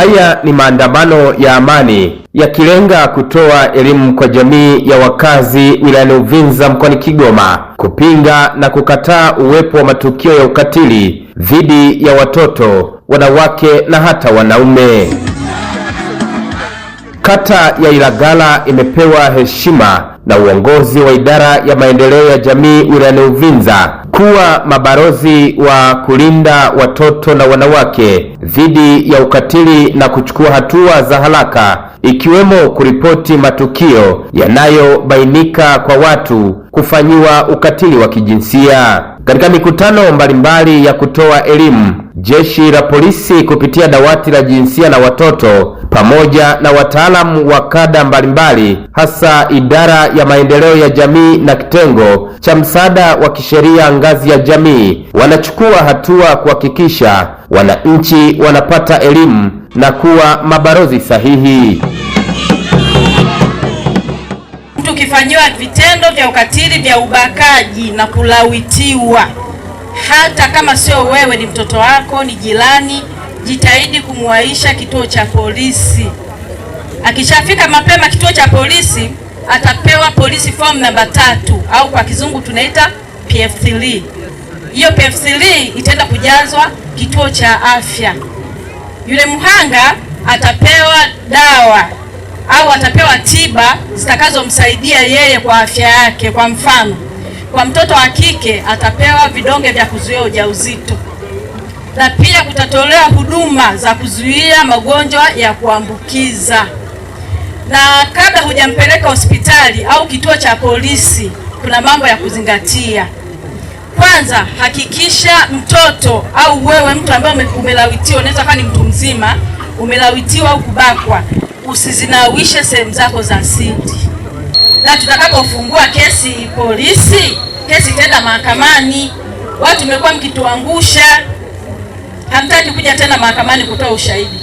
Haya ni maandamano ya amani yakilenga kutoa elimu kwa jamii ya wakazi wilayani Uvinza mkoani Kigoma kupinga na kukataa uwepo wa matukio ya ukatili dhidi ya watoto, wanawake na hata wanaume. Kata ya Ilagala imepewa heshima na uongozi wa idara ya maendeleo ya jamii wilayani Uvinza kuwa mabalozi wa kulinda watoto na wanawake dhidi ya ukatili na kuchukua hatua za haraka ikiwemo kuripoti matukio yanayobainika kwa watu kufanyiwa ukatili wa kijinsia. Katika mikutano mbalimbali ya kutoa elimu Jeshi la polisi kupitia dawati la jinsia na watoto pamoja na wataalamu wa kada mbalimbali, hasa idara ya maendeleo ya jamii na kitengo cha msaada wa kisheria ngazi ya jamii, wanachukua hatua kuhakikisha wananchi wanapata elimu na kuwa mabalozi sahihi. mtu Tukifanyiwa vitendo vya ukatili vya ubakaji na kulawitiwa hata kama sio wewe, ni mtoto wako, ni jirani, jitahidi kumwaisha kituo cha polisi. Akishafika mapema kituo cha polisi atapewa polisi form namba tatu au kwa kizungu tunaita PF3. Hiyo PF3 itaenda kujazwa kituo cha afya. Yule mhanga atapewa dawa au atapewa tiba zitakazomsaidia yeye kwa afya yake. Kwa mfano kwa mtoto wa kike atapewa vidonge vya kuzuia ujauzito, na pia kutatolewa huduma za kuzuia magonjwa ya kuambukiza. Na kabla hujampeleka hospitali au kituo cha polisi, kuna mambo ya kuzingatia. Kwanza, hakikisha mtoto au wewe mtu ambaye umelawitiwa, unaweza kuwa ni mtu mzima umelawitiwa au kubakwa, usizinawishe sehemu zako za siri na tutakapofungua kesi polisi, kesi tenda mahakamani. Watu mmekuwa mkituangusha, hamtaki kuja tena mahakamani kutoa ushahidi.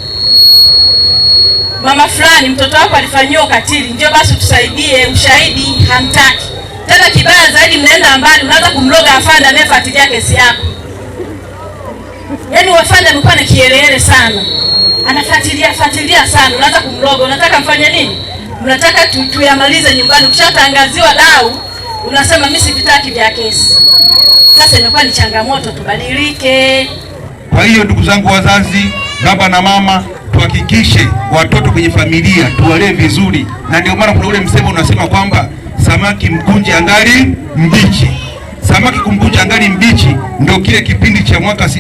Mama fulani mtoto wako alifanyiwa ukatili, njoo basi tusaidie ushahidi, hamtaki tena. Kibaya zaidi, mnaenda mbali, mnaanza kumloga afande anayefuatilia kesi yako. Yaani wafande amekuwa na kielehele sana, anafuatilia fuatilia sana, unaanza kumloga. Unataka mfanye nini? unataka tu, tuyamalize nyumbani. Ukishatangaziwa dau unasema mimi sivitaki vya kesi. Sasa inakuwa ni changamoto, tubadilike. Kwa hiyo ndugu zangu wazazi, baba na mama, tuhakikishe watoto kwenye familia tuwalee vizuri, na ndio maana kuna ule msemo unasema kwamba samaki mkunje angali mbichi. Samaki kumkunja angali mbichi ndio kile kipindi cha mwaka